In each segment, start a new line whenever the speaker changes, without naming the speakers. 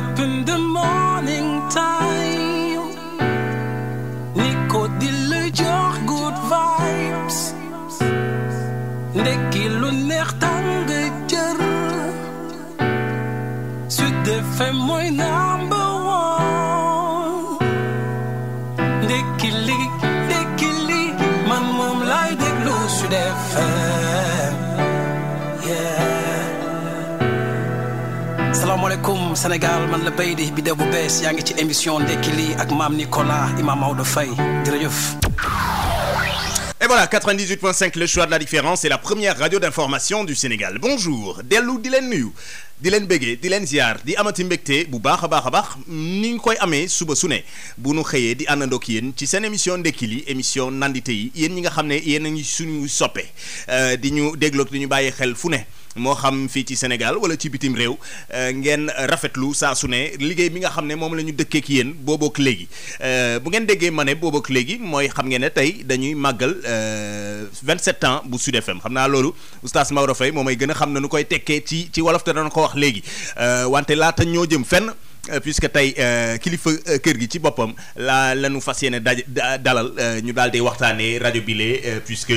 up in the morning time. Nico dille jox good vibes. Ndekki lu neex tàng jër. Sud FM mooy naa. Sénégal man la bay di bidéo bu
bees yaa ngi ci émission Ndéki li ak maam Nicolas Imam Maodo Faye jërëjëf. Et voilà 98.5 le choix de la différence c'est la première radio d'information du Sénégal bonjour dellu di leen nuyu di leen bëggee di leen ziar di amati mbégte bu baax a baax a baax ni ñu koy amee suba su ne bu nu xëyee di àndandoog yéen ci seen émission ndekki li émission nandite yi yéen ñi nga xam ne yéen a ngi suñu soppe euh, di ñu dégloog di ñu bàyyi xel fu ne moo xam fii ci Sénégal wala ci bitim réew euh, ngeen rafetlu saa su ne liggéey bi nga xam ne moom la ñu dëkkee ak yéen boobook léegi euh, bu ngeen déggee ma ne boobook léegi mooy xam ngeen ne tey dañuy màggal 27 euh, ans bu Sud FM xam naa loolu oustaz Maodo Faye moom may gën a xam na nu koy tekkee ci ci wolof te dana ko wax léegi wante laata ñoo jëm fenn. Euh, puisque tey euh, kilifa euh, kër gi ci boppam la la ñu fas yéene daj dalal ñu dal di waxtaanee rajo bile puisque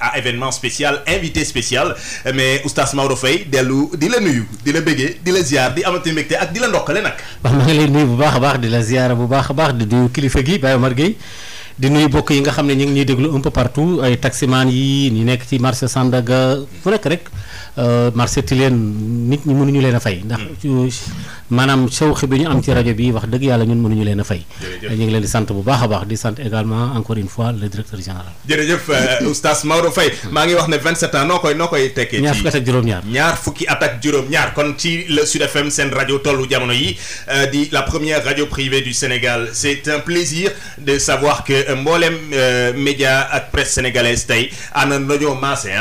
à événement spécial invité spécial mais oustaz Maodo Faye dellu di la nuyu di la bëggee di la ziar di amati mbégte ak di la ndokkale nag. wax maa ngi nuyu bu
baax a baax di la ziar bu baax a baax di nuyu kilifa gi Baye Omar di nuyu bokk yi nga xam ne ñu ngi ñuy déglu un peu partout ay taximaan yi ñi nekk ci marché Sandaga fu nekk rek. Euh, marché Tilène nit ñi mënuñu leen a fay ndax hmm. maanaam sawxi bi ñu am ci rajo bi wax dëgg yàlla ñun mënuñu leen a fay ñu ngi leen di sant bu baax a baax di sant également encore une fois le directeur général
jërëjëf euh, oustaz Maodo Faye hmm. maa ngi wax ne 27 ans noo koy noo koy tekkee ñaar fukki at juróom-ñaar ñaar fukki at juróom-ñaar kon ci le Sud FM seen rajo tollu jamono yi euh, di la première rajo privée du Sénégal c'est un plaisir de savoir que mboolem média ak presse sénégalaise tey ànd nañoo maase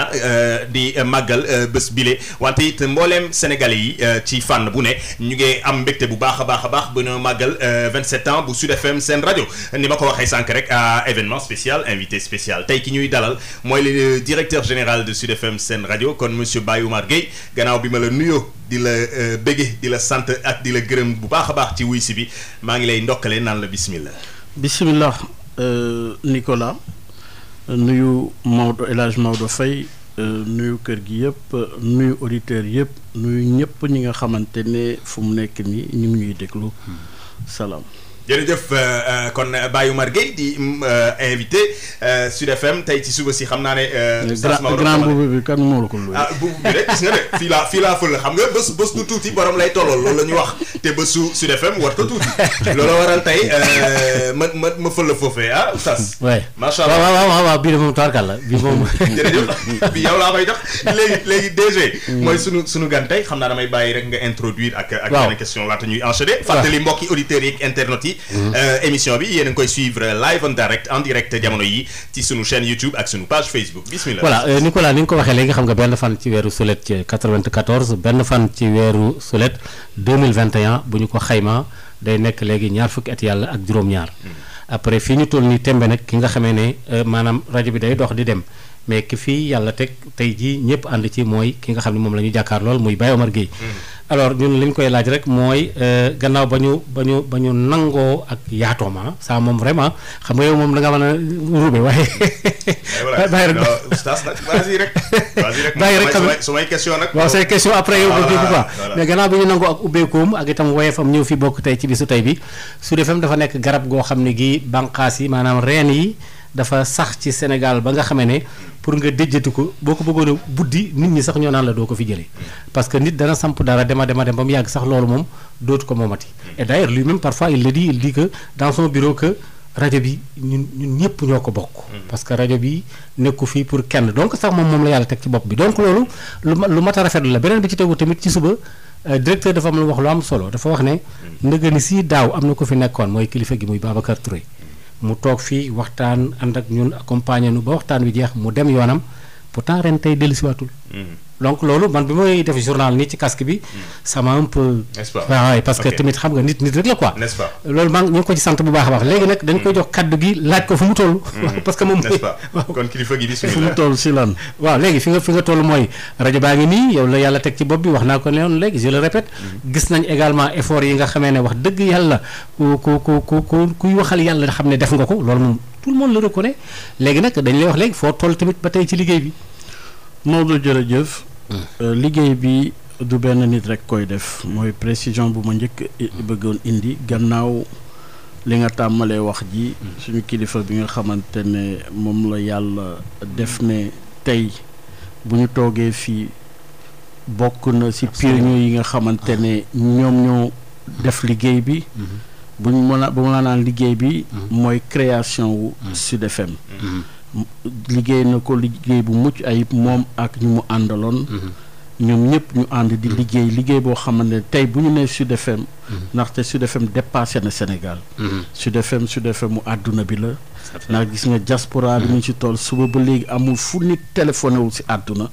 di màggal bés bés bile wante it mbooleem sénégalais yi euh, ci fànn bu ne ñu ngi am mbégte bu baax a baax a baax ba na màggal 27 euh, ans bu Sud FM seen rajo ni ma ko waxee sànq rek à événement spécial invité spécial tey ki ñuy dalal mooy le directeur général de Sud FM seen rajo kon monsieur Baye Oumar Gueye gannaaw bi ma la nuyoo di la euh, bëgge di la sant ak di la gërëm bu baax a baax ci wuy si bi maa ngi lay ndokkale naan la bismillah
bismillah Nicolas nuyu Maodo El Hadj Maodo Euh, nuyu kër gi yëpp nuyu auditeurs yëpp nuyu ñëpp ñi nga xamante ne fu mu nekk nii ñu ñuy déglu hmm. salaam.
jërëjëf euh, euh, kon euh, Baye Umar Gueye di mm, invité Sud FM tey ci suba si xam naa ne. grand boobu
bi kan moo la ko ah
boobu bi rek gis nga ne fii laa fii laa xam nga bés bés bu tuuti borom lay tollool loolu la ñu wax te bésu Sud FM war ko tuuti loolu waral tey ma ma ma fël la foofee ah oustaz. waay macha allah
waaw waaw bii de moom taarkal la bii moom. jërëjëf bi yow
laa koy jox léegi léegi DG. Mm. mooy sunu sunu gan tey xam naa damay bàyyi rek nga introduire ak. ak benn question laata ñuy enchaîner. waaw fàttali mbokki auditeurs yi ak yi yi. Euh, émission bi yéen a ngi koy suivre live en direct en direct jamono yi ci sunu chaîne YouTube ak sunu page Facebook bismillah. voilà euh,
ni nga ko waxee léegi xam nga benn fan ci weeru sulet bu ñu ko xayma day nekk léegi ñaar fukk at yàlla ak juróom-ñaar. Mm. après fii ñu toll nii tembe nag ki nga xamee ne euh, maanaam rajo bi day dox di dem. mais ki fii yàlla teg tey jii ñëpp ànd ci mooy ki nga xam ne moom lañuy ñu jàkkaar lool muy Baye Omar Gueye hmm. alors ñun li koy laaj rek mooy euh, gannaaw ba ñu ba ñu ba nangoo ak yaatooma saa moom vraiment xam nga moom da nga a rube waaye.
bàyyi rek bàyyi rek bàyyi rek tamit sumay question nag. waaw say question ak
ubbeekoom ak itam woyefam ñëw fi bokk tey ci bisu tey bi Sud FM dafa nekk garab goo xam ne gii bànqaas yi maanaam reen yi. dafa sax ci Sénégal ba nga xamee ne pour nga déjjati ko boo ko bëggoon a buddi nit ñi sax ñoo naan la doo ko fi jëlee parce que nit dana samp dara dema dema dem ba mu yàgg sax loolu moom dootu ko moomati et d'ailleurs lui-même parfois il le dit il rajo bi ñun ñun ñëpp ñoo ko bokk. Hmm. parce que rajo bi nekku fii pour kenn donc sax moom moom la yàlla teg ci bopp bi donc loolu lu ma lu mat a rafetlu la beneen bi ci tegu tamit ci suba euh, directeur dafa am lu wax lu am solo dafa wax ne. Hmm. ndëgëni si daaw am na ko fi nekkoon mooy kilifa gi muy Babacar Touré. mu toog fii waxtaan ànd ak ñun accompagné nu ba waxtaan wi jeex mu dem yoonam pourtant ren tey dellusiwaatul mm-hmm. donc loolu man bi may def journal nii ci casque bi hmm. ça m'a peu
waaw parce tamit
xam nga nit nit rek la quoi n'est-ce pas loolu maa ngi ñu ko ci sant bu baax a baax léegi nag koy hmm. jox kaddu gi laaj ko fu toll hmm. parce que moom n'est-ce pas
kon kilifa gi fu mu
waaw léegi fi nga fi toll mooy rajo baa ngi nii yow yàlla teg ci bopp bi wax naa ko noonu léegi je le gis nañ également effort yi nga xamee ne wax dëgg yàlla ku ku ku ku kuy waxal yàlla xam ne def nga ko loolu moom tout le monde léegi nag
dañ lay wax léegi foo toll tamit ba tey ci liggéey bi Maodo jërëjëf. Mm. Euh, liggéey bi du benn nit rek koy def mooy précision bu ma njëkk mm. bëggoon indi gannaaw li nga tàmmalee wax ji. Mm. suñu kilifa bi nga xamante ne moom la yàlla def ne tey bu ñu toogee fii bokk na ci pionniers yi nga xamante ne ñoom ñoo def liggéey bi. Mm-hmm. bu ñu mën a bu ma naan liggéey bi. mooy création wu Sud FM. Mm-hmm. liggéey na ko liggéey bu mucc ayib moom ak ñu mu àndaloon. Mhm. ñoom ñëpp ñu ànd di mhm. liggéey liggéey boo xamante ne tey bu ñu nee Sud FM. Mhm. ndaxte Sud FM dépassé na Sénégal. Sud FM Sud FM mu àdduna bi la. ndax gis nga diaspora bi mu ci tool suba ba léegi amul fu nit téléphoné wu si àdduna.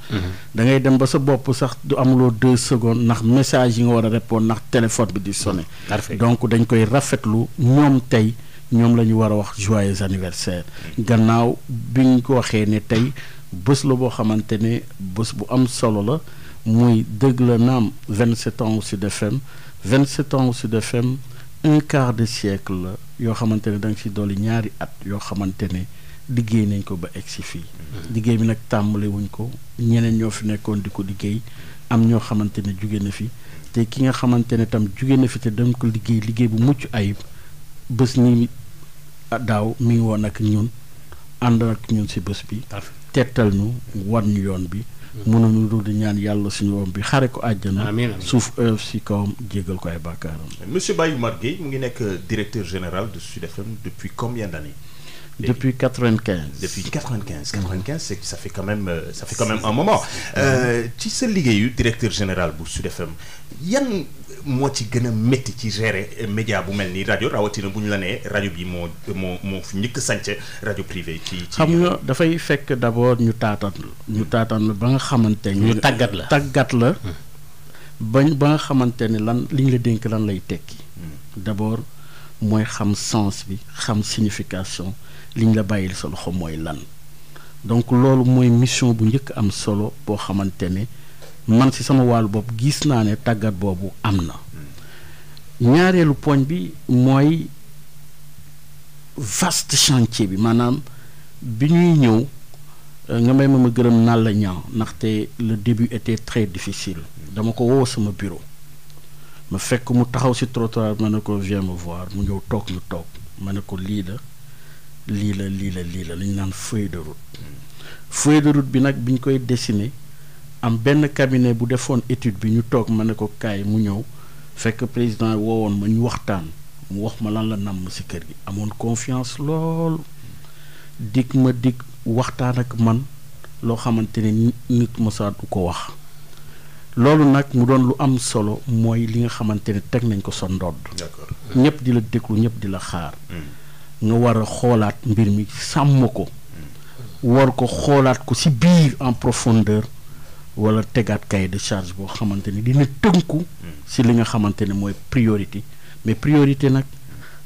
da ngay dem ba sa bopp sax du amuloo deux secondes ndax message yi nga war a répondre ndax téléphone bi di sonné. donc dañ koy rafetlu ñoom tey. ñoom la ñu war a wax joyeux anniversaire gannaaw bi ñu ko waxee ne tey bés la boo xamante ne bés bu am solo la muy dëgg la naam 27 ans Sud FM 27 ans Sud FM un quart de siècle yoo xamante ne da nga ci dolli ñaari at yoo xamante ne liggéey nañ ko ba egg si fii. liggéey bi nag tàmbale ko ñeneen ñoo fi nekkoon di ko liggéey am ñoo xamante ne jóge na fi te ki nga xamante ne tam jóge na fi te dañ ko liggéey liggéey bu mucc ayib bés Ah, daaw mi ngi woon ak ñun ànd ak ñun si bés bi tettal ñu wan ñu yoon bi mm-hmm. mun ñu dul di ñaan yàlla suñu woom bi xare ko àjjana suuf oyof si kawam jégal ko ay bàkkaaram
monsieur Baye Oumar Gueye mu ngi nekk directeur général de Sud FM depuis combien d'années depuis 95 depuis 95 95 mm-hmm. c'est ça fait quand même euh, ça fait quand même un moment mm-hmm. euh, ci sa liggéeyu directeur général bu Sud FM moo ci gën a métti ci gérer média bu mel nii rajo rawatina bu ñu la nee rajo bi moo moo moo fi njëkk sanc rajo privé ci xam
nga dafay fekk d'abord ñu taataan la ñu taataan la ba nga xamante ñu tàggat la tàggat la hmm. bañ ba nga xamante ne lan liñ la dénk lan lay tekki hmm. d'abord mooy xam sens bi xam signification li ñu la bàyyil sa loxo mooy lan donc loolu mooy mission bu njëkk am solo boo xamante ne man si sama wàllu bopp gis naa ne tàggat boobu am na ñaareelu poñ bi mooy vaste chantier bi maanaam bi ñuy ñëw euh, nga may ma ma gërëm naan la ñaaw ndaxte le début était très difficile dama ko woo sama bureau ma fekk mu taxaw si trottoir ma ne ko viens me voir mu ñëw toog ñu toog ma ne ko lii la lii la lii la lii la li ñu naan feuille de route mm. feuille de bi nag bi ñu koy dessiner am benn cabinet bu defoon étude bi ñu toog ma ne ko kaay mu ñëw fekk président woowoon ma ñu waxtaan mu wax ma lan la namm ci kër gi amoon confiance lool dig ma dig waxtaan ak man loo xamante ni nit mësa du ko wax loolu nag mu doon lu am solo mooy li nga xamante ne teg nañ ko sa ndodd ñëpp di la déglu ñëpp di la xaar hmm. nga war xoolaat mbir mi sàmm ko hmm. war ko xoolaat ko ci biir en profondeur wala tegaat cahier de charge boo xamante ni dina tënku si li nga xamante ne mooy priorité mais priorité nag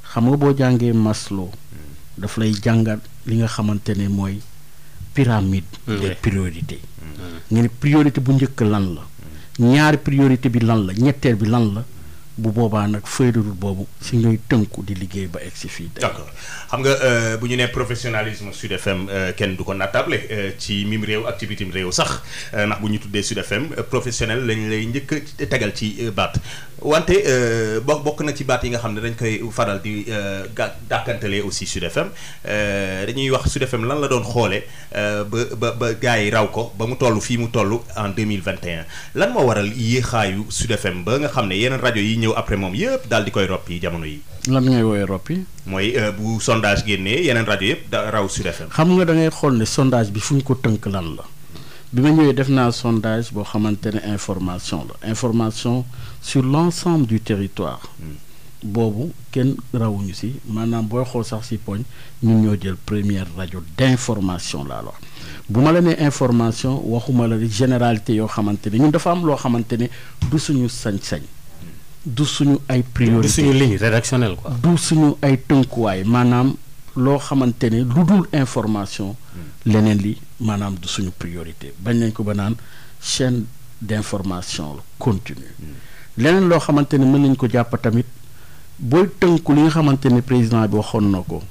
xam nga boo jàngee Maslow dafa lay jàngat li nga xamante ne mooy pyramide
des priorités mm. nga ne
priorité bu njëkk lan la mm. ñaari priorité bi lan la ñetteel bi lan la bu boobaa nag feuille de boobu si ngay tënku di liggéey ba egg si fii.
d'accord xam nga euh, bu ñu nee professionnalisme Sud FM euh, kenn du ko nattable euh, ci mim réew activité mi réew sax ndax bu ñu tuddee Sud FM professionnel lañ lay njëkk tegal ci baat wante bo bokk na ci baat yi nga xam ne dañ koy faral di ga dàkkantalee aussi Sud FM dañuy wax Sud FM lan la doon xoolee ba ba ba gars yi raw ko ba mu toll fii mu toll en 2021 lan moo waral yéexaayu Sud FM ba nga xam ne yeneen rajo yi ñëw après moom yëpp daal di koy roppi jamono yi.
lan ngay woowee roppi.
mooy euh, bu sondage génnee yeneen rajo yëpp da raw Sud FM.
xam nga dangay ngay xool ne sondage bi fu ñu ko tënk lan la bi ma ñëwee def naa sondage boo xamante ne information la information sur l'ensemble du territoire. Hmm. boobu kenn rawuñu si maanaam booy xool sax si poñ ñun ñoo jël première rajo d'information laa la bu ma la nee information waxuma la généralité yoo xamante ne ñun dafa am loo xamante ne du suñu sañ du suñu ay priorité du suñu ligne
rédactionnelle ko
du suñu ay tënkuwaay maanaam loo xamante ne lu dul information
hmm.
leneen li maanaam du suñu priorité bañ nañ ko ba naan chaîne d'information continue hmm. leneen loo xamante ne mën nañ ko jàpp tamit booy tënku li nga xamante ne président bi waxoon na ko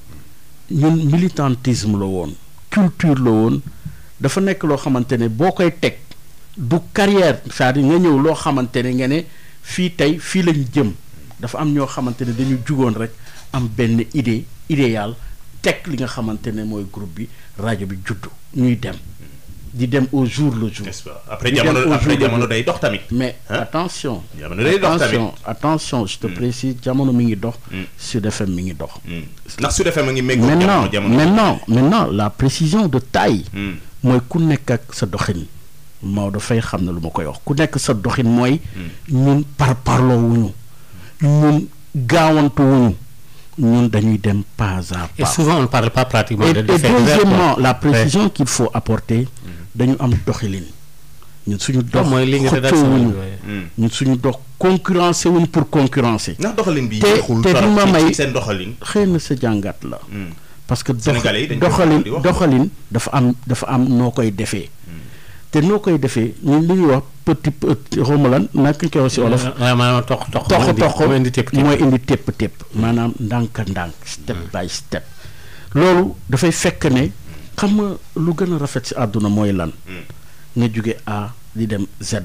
ñun militantisme la woon culture la woon dafa nekk loo xamante ne boo koy teg du carrière cest à nga ñëw loo xamante nga ne fii tey fii lañu jëm dafa am ñoo xamante ne dañu jugoon rek am benn idée idéal teg li nga xamante ne mooy groupe bi rajo bi juddu ñuy dem di dem au jour le jour. après jamono après jamono day dox
tamit. mais attention. jamono day dox tamit
attention je te hmm. précise jamono mi ngi dox. Hmm. Sud FM mi ngi dox. Hmm.
ndax Sud FM mi ngi méngoo jamono maintenant maintenant
maintenant la précision de taille. mooy ku nekk ak sa doxin. Maodo Faye xam na lu ma koy wax ku nekk sa doxin mooy. Hmm. ñun par parloo wuñu ñun gaawantu ñun dañuy dem pas à pas. et souvent
on ne parle pas de et deuxièmement la précision
qu'il faut apporter. Hmm. dañu am doxilin. ñun suñu dox xëccoowuñu hmm. ñun suñu dox concurrencé wuñ pour concurrencer. ndax doxalin bi yéexul te seen doxalin. xëy na sa jàngat la. parce que doxalin doxalin dafa am dafa am noo koy defee. te noo koy defee ñun li ñuy wax petit xaw ma lan naka ñu koy wax si olof.
maanaam toq toq mooy indi tepp mooy indi
tepp tepp maanaam ndànk ndànk. step mm. by step. loolu dafay fekk ne xam nga lu gën a rafet si àdduna mooy lan. Mm. nga jóge A di dem Z.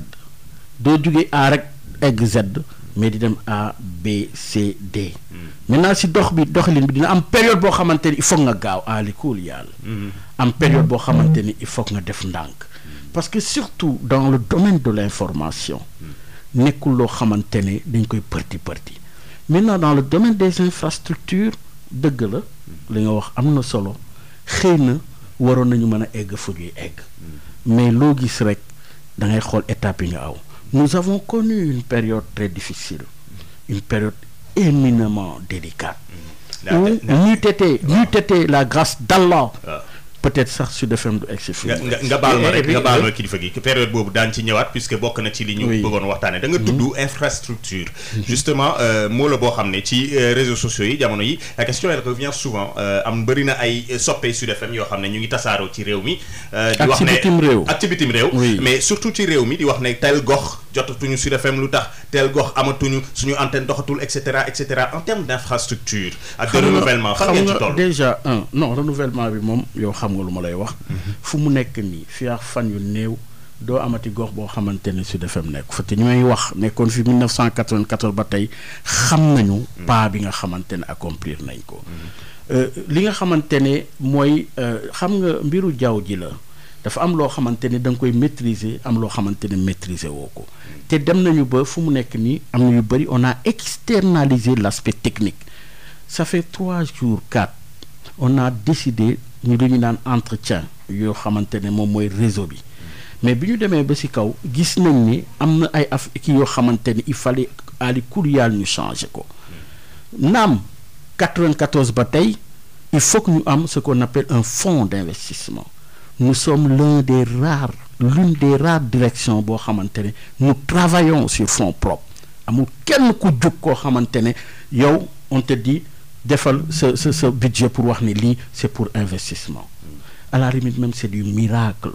doo jóge A rek egg Z mais di dem A B C D. Mm. maintenant si dox bi doxalin bi dina am période boo xamante ni il faut nga gaaw aali kuul yàlla. am période boo xamante ni il faut nga def ndànk. parce que surtout dans le domaine de l'information nekkul loo xamante ne dañ koy parti parti maintenant dans le domaine des infrastructures dëgg la li nga wax am na solo xëy na waroon nañu mën a egg fu ñuy egg mais loo gis rek da ngay xool étape yi nga aw nous avons connu période très difficile une période éminemment délicate mm. où n'eût été ah. n'eût été la grâce d'Allah ah. peut-être sax Sud FM du nga nga baal ma eh, eh, rek eh, nga baal ma
kilifa gi période boobu daan ci ñëwaat puisque bokk na ci li ñu bëggoon waxtaane da nga mhm. infrastructure justement euh, moo boo xam ne ci euh, réseaux yi jamono yi la question elle revient souvent euh, am bëri na ay yoo xam ne ñu ngi tasaaroo ci réew mi di wax ne ak ci bitim réew surtout ci réew mi di wax ne tel gox jotatuñu Sud FM lu tax tel gox amatuñu suñu antenne doxatul et cetera et cetera en termes d'infrastructure ak de renouvellement fan ngeen ci toll
déjà un non renouvellement bi moom yow xam xam nga lu ma lay wax. fu mu nekk nii fii ak fan yu néew doo amati gox boo xamante ne Sud FM nekk fa te ñu may wax nekkoon fi 1994 ba tey xam nañu. pas bi nga xamante ne accomplir nañ ko. Euh, li nga xamante ne mooy euh, xam nga mbiru jaww ji la. dafa am loo xamante ne da nga koy maîtriser am loo xamante ne maîtriser woo ko te dem nañu ba fu mu nekk nii am na yu bëri on a externalisé l' aspect technique ça fait trois jours quatre on a décidé ñu lu ñu naan entretien yoo xamante ne moom mooy réseau bi mais bi ñu demee ba ci kaw gis nañ ni am na ay af yoo xamante ni il fallait ali kuréel ñu changé ko naam 94 ba tey il faut que ñu am ce qu'on appelle un fonds d'investissement nous sommes l'un des rares l'une des rares direction boo xamante ne nous travaillons sur fonds propres amul kenn ku jóg koo xamante ne yow on te dit defal sa sa sa budget pour wax ni lii c'est pour investissement à la limite même c'est du miracle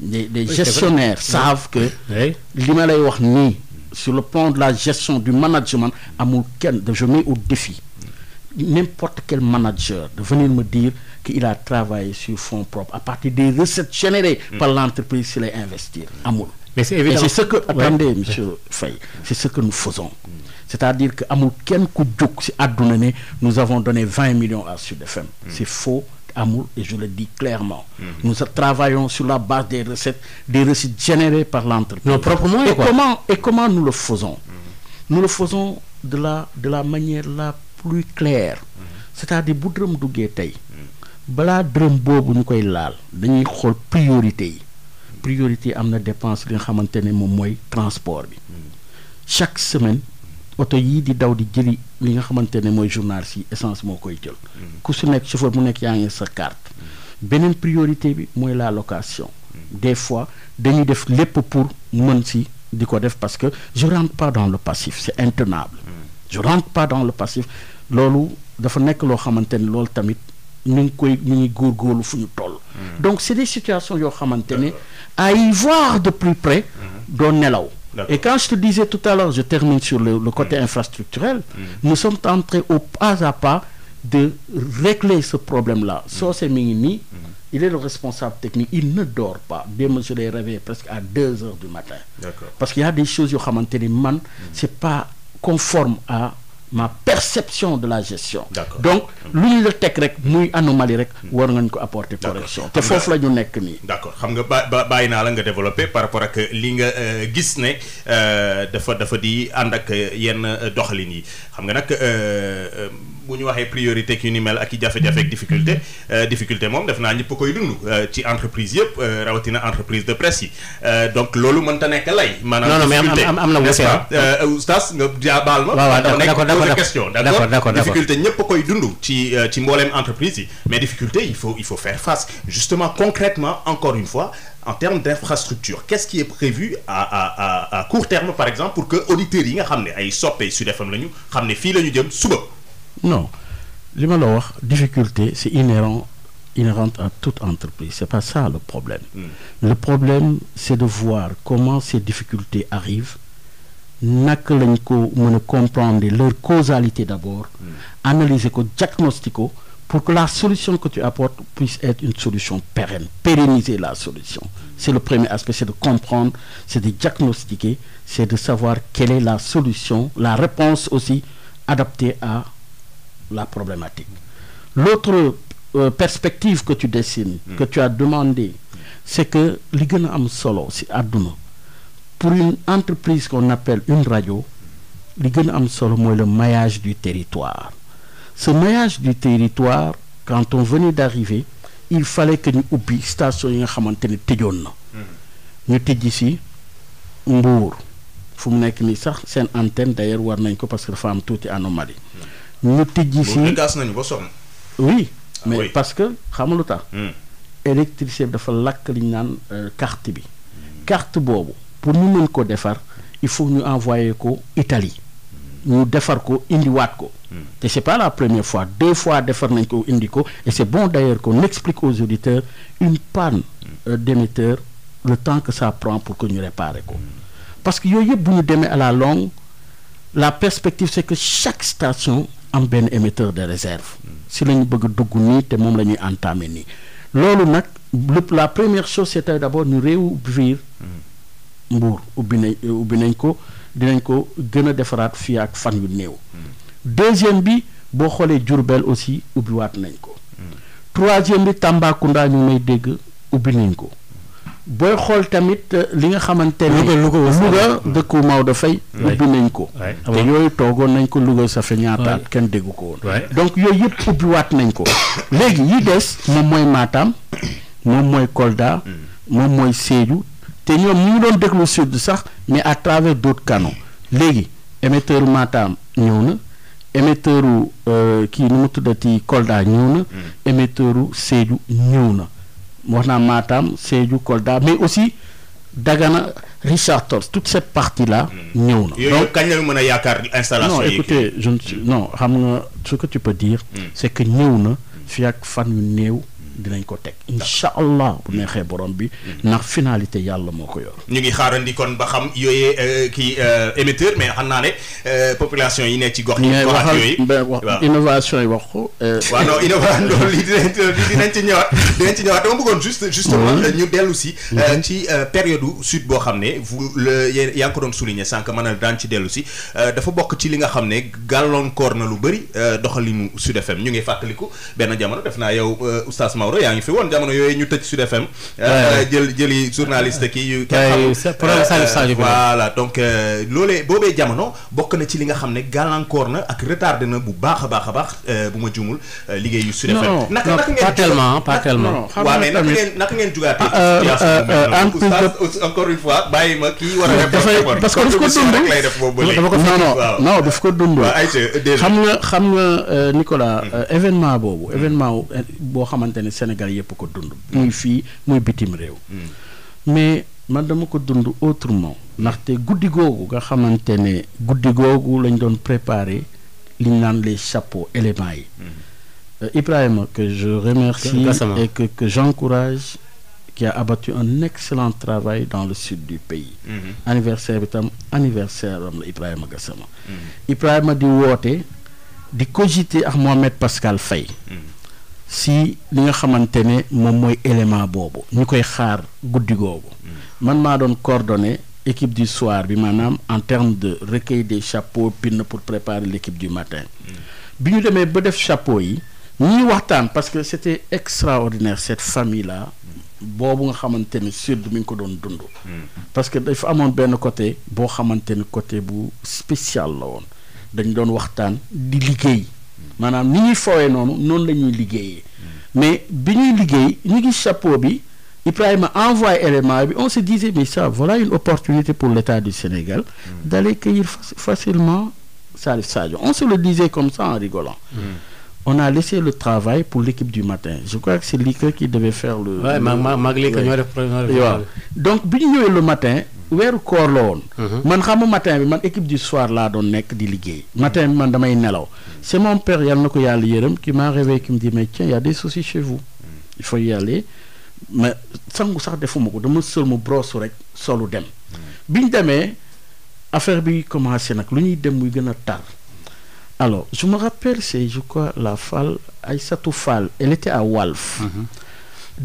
les les gestionnaires savent que li ma lay wax nii sur le plan de la gestion du management amul kenn je mets au défi n'importe quel manager de venir me dire qu'il a travaillé sur fonds propres à partir des recettes générées mm. par l'entreprise s'il est investir amul mais c'est ce que attendez monsieur Faye c'est ce que nous faisons c'est-à-dire que amul kenn ku jóg ci adduna ne nous avons donné vingt millions à Sud FM mm. c'est faux amul et je le dis clairement mm. nous sur la base des recettes des recettes générées par l'entreprise nos propres moyens quoi et comment et comment faisons hmm. nous le faisons de la de la manière la plus claire hmm. c'est-à-dire bu dërëm duggee tey hmm. balaa dërëm boobu ñu koy laal dañuy xool priorité yi priorité am na dépense li nga xamante ne moom mooy transport bi chaque semaine oto yii di daw di jëli li nga xamante ne mooy journal si essence moo koy jël. Mm. ku su nekk chauffeur mu nekk yaa ngi sa carte. Mm. beneen priorité bi mooy la location. Mm. des fois dañuy def lépp pour mën si di ko def parce que je rentre le passif c'est intenable. je rentre pas dans le passif loolu dafa nekk loo xamante ne loolu tamit ñu ngi koy ñu ngi góorgóorlu fu ñu toll. donc c'est des situations yoo xamante ne à y voir de plus près. doo nelaw. Et quand je te disais tout à l'heure, je termine sur le, le côté mmh. infrastructurel, mmh. nous sommes entrés au pas à pas de régler ce problème-là. Mm. Socé Minimi, mm. il est le responsable technique, il ne dort pas. Demain, je l'ai réveillé presque à 2 heures du matin. Parce qu'il y a des choses, man, mm. c'est pas conforme à ma perception de la gestion. donc lu ñu la teg rek muy anomalie rek. Hmm. war ngañ ko apporter correction. te foofu
la ñu nekk nii. d' accord xam nga ba bàyyi naa la nga développé par rapport ak li nga euh, gis ne euh, dafa dafa di ànd ak yenn doxalin yi xam nga nag. Euh, bu ñu waxee priorité ki ni mel ak i jafe-jafe ak difficulté mm-hmm. euh, difficulté moom def naa ñëpp koy dund euh, ci entreprise yëpp euh, rawatina entreprise de presse yi donc loolu mënta nekk lay. maanaam difficulté am am na wu seetlu oustaz nga jaabaal ma. waaw dama nekk posé question d' accord d' difficulté ñëpp koy dund ci ci entreprise yi mais difficulté il faut il faut faire face justement concrètement encore une fois. en termes d'infrastructure qu'est-ce qui est prévu à à exemple que auditeurs yi nga xam ne ay soppe Sud FM la ñu xam ne fii la ñu jëm suba
non li ma la wax difficulté c'est inhérent inhérente à toute entreprise c'est pas ça le problème hmm. le problème c'est de voir comment ces difficultés arrivent naka lañ ko mën a comprendre leur causalité d'abord mm. analyser ko diagnostiquer ko pour que la solution que tu apportes puisse être une solution pérenne pérenniser la solution c'est le premier aspect c'est de comprendre c'est de diagnostiquer c'est de savoir quelle est la solution la réponse aussi adaptée à la problématique. L'autre euh, perspective que tu dessines, mm. que tu as demandé, c'est que li gën a am solo si adduna pour une entreprise qu'on appelle une radio li gën a am solo mooy le maillage du territoire ce maillage du territoire quand on venait d'arriver il fallait que ñu ubbi station yi nga xamante ni tëjoon na
hmm.
ñu tijji si Mbour fu mu nekk nii sax seen antenne d'ailleurs war nañ ko parce que dafa am tuuti anomalie hmm. ñu tijji si gas nañu ba sonn. oui ah mais parce que xam lu tax. Hmm. électricité dafa lakk li naan euh, carte bi. carte boobu pour ñu mën ko defar il faut ñu envoyer ko Italie. ñu defar ko indiwaat ko. Hmm. te c'est pas la première fois deux fois defar nañ ko indi ko et c'est bon d'ailleurs ko explique aux auditeurs une panne hmm. euh, d'émetteur le temps que ça prend pour que ñu réparer ko. parce que yooyu yëpp bu ñu demee à la long la perspective c'est que chaque station. am benn émetteur de réserve si la ñu bëgg dugg nii te moom la ñuy entamer nii loolu nag la première chose c'était d'abord ñu réouvrir Mbour ubbi nañ ubbi nañ ko dinañ ko gën a defaraat fii ak fan yu néew deuxième bi boo xoolee jurbeel aussi ubbiwaat nañ ko troisième bi Tambacounda ñu may dégg ubbi nañ ko booy xool tamit euh, li nga xamante ni Louga dëkku Maodo Faye ubbi nañ ko te yooyu toogoon nañ ko Louga ça fait ñaata kenn déggu ko woon donc yooyu yëpp ubbiwaat nañ ko léegi yi des moom mooy Matam moom mooy Kolda mm. moom mooy Sédhiou te ñoom ñu ngi doon déglu sud sax mais à travers d'autres canaux léegi émetteur Matam ñëw na émetteur euh, kii nu mu tuddati Kolda ñëw na mm. émetteur Sédhiou ñëw na moo wax naa Matam Sédhiou Kolda mais aussi Dagana Richard Toll toute cette partie là. Hmm. ñëw na donc
kañ la mën a yaakaar installation yi. non écoutez
je xam nga ce que tu peux dire. Hmm. c'est que ñëw na hmm. fi ak fan yu néew. dinañ ko teg incha allah bu neexee borom bi mm-hmm. ndax finalité yàlla moo ko yor
ñu ngi xaarandi kon ba xam yooyee euh, kii euh, émetteur mais xam naa ne euh, population yi nekk ci gox yi goxaat yooyu wax
innovation yi wax ko waaw non innovation loolu li dinañ
dinañ ci ñëwaat dinañ ci ñëwaat dama bëggoon juste justement ñu dellu si mm-hmm. ci période sud boo xam ne vous le yaa ngi ko doon souligner sànq mën a daan ci dellu si dafa bokk ci li nga xam ne gàllankoor na lu bëri doxalinu Sud FM ñu ngi fàttaliku benn jamono def naa yow Maodo yaa ngi fi woon jamono yooyu ñu tëj Sud FM. Euh, jël jëli journaliste kii yu. kenn xamul euh, voilà donc euh, na ci li nga xam ne gàllankoor na a baax a baax bu ma jumul liggéeyu Sud FM. non non pas tellement pas tellement. waaw mais naka ngeen naka ngeen jugaatee. Ah, en plus de encore une fois bàyyi ma kii a. dafay parce que daf ko dund lay def boobu ba léegi non non daf ko dund. xam
nga mm-hmm. événement boobu mm-hmm. boo xamante Sénégal yëpp ko dund mm. muy fii muy bitim réew
mm.
mais man dama ko dund autrement ndaxte guddi googu nga xamante ne guddi googu lañ doon préparer li naan les chapeaux éléments yi mm. euh, Ibrahima que je remercie et a abattu un excellent travail dans le sud du pays mm-hmm. anniversaire bi tam anniversaire am la Ibrahima Gassama Ibrahima di woote di cogiter ak Mohamed Pascal Faye si li nga xamante ne moom mooy élément boobu ñu koy xaar guddi googu mm. man maa doon coordonné équipe du soir bi maanaam en terme de recueil des chapeaux pin pour préparer l' équipe du matin mm. bi ñu demee ba def chapeau yi ñuy waxtaan parce que c' était extraordinaire cette famille la boobu nga xamante ne sud mi ngi ko doon dund mm. parce que dafa amoon benn côté boo xamante ne côté bu spéciale la woon dañu doon waxtaan di liggéey maanaam ni ñuy fowee noonu noonu la ñuy liggéeyee mais bi ñuy liggéey ñu ngi chapeau bi Ibrahima envoyé élément bi on se disait mais ça voilà une opportunité pour l'État du Sénégal d'aller cueillir facilement Salif Sadio on se le disait comme ça en rigolant mm. on a laissé le travail pour l'équipe du matin je crois que c'est Liqueur qui devait faire le. waaw maa maa ñoo donc bi ñu ñëwee le matin weeru koor la woon. Mhm. man xamu matin bi man équipe du soir laa doon nekk di liggéey. matin bi man damay nelaw. c'est mon yal na ko yàlla yërëm qui m'a réveillé qui me dit mais tiens y a des soucis chez il faut y aller sangu sax defuma ko dama sol mu brosse rek solu dem. Mhm. bi ñu demee affaire bi commencé nag lu ñuy dem muy gën a tar. alors je me rappelle c'est je crois la Fall Aïssatou Fall elle était à Walf. Mm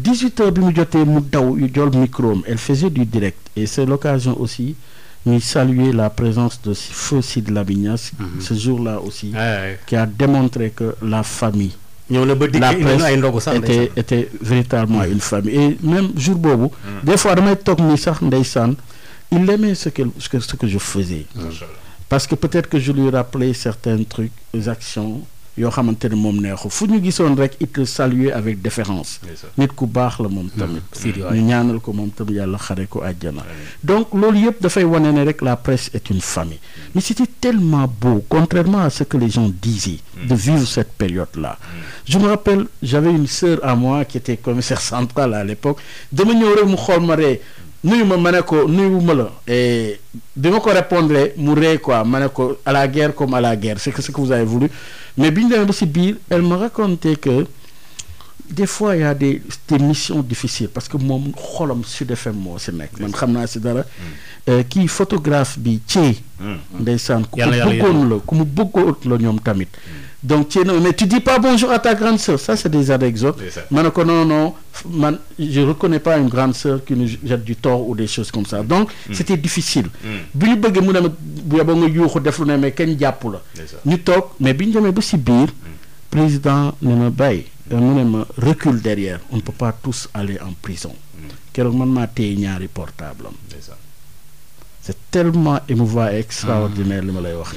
-hmm. heures bi mu jotee mu daw yu jol micro am elle faisait du direct et c'est l'occasion aussi ñuy saluer la présence de feu Sidy Lamine mhm. ce jour-là aussi ah, qui a démontré que la famille ñëw na ba dikk indi ay ndogu sax était véritablement mhm. une famille et même jour boobu mhm. des fois damay toog ni sax ndeysaan il aimait ce ce que je faisais parce que peut-être que je lui rappelais certains trucs actions yoo xamante ne moom neexu fu ñu gisoon rek it le saluer avec déférence nit ku baax la moom mm. tamit mm. ñu ñaanal ko moom tamit yàlla xare ko donc loolu yëpp dafay wane ne rek la presse est une famille mm. mais c'était tellement beau contrairement à ce que les gens disaient de vivre cette période là je me rappelle j'avais une sœur à moi qui était commissaire central à l'époque nuyu ma ma ne ko nuyu ma la et bi ma ko répondre mu ree quoi ma ne ko à la guerre comme à la guerre c'est que ce que vous avez voulu mais bi ñu demee ba si biir elle me racontait que des fois y a des des missions difficiles parce que moom xolam Sud FM moo si nekk man xam naa si dara mm. euh, kii photographe bi Thiey mm. ndeysaan ku mu bëggoon la ku mu bëggoon la ñoom tamit mm. donc Thierno mais tu dis pas bonjour à ta grande sœur ça c'est des anecdotes ma ne ko non non man je reconnais pas une grande sœur qui nous jette du tort ou des choses comme ça donc mm. c'était difficile hmm. bi ñu bëggee mu ne bu yeboo nga yuuxu def lu ne mais kenn jàpp la ñu toog mais bi ñu demee ba si biir hmm. président ne ma bàyyi euh, mu ne ma recule derrière on ne peut pas tous aller en prison hmm. keroog man maa téye ñaari portable am c'est tellement émouvant et extraordinaire li ma lay wax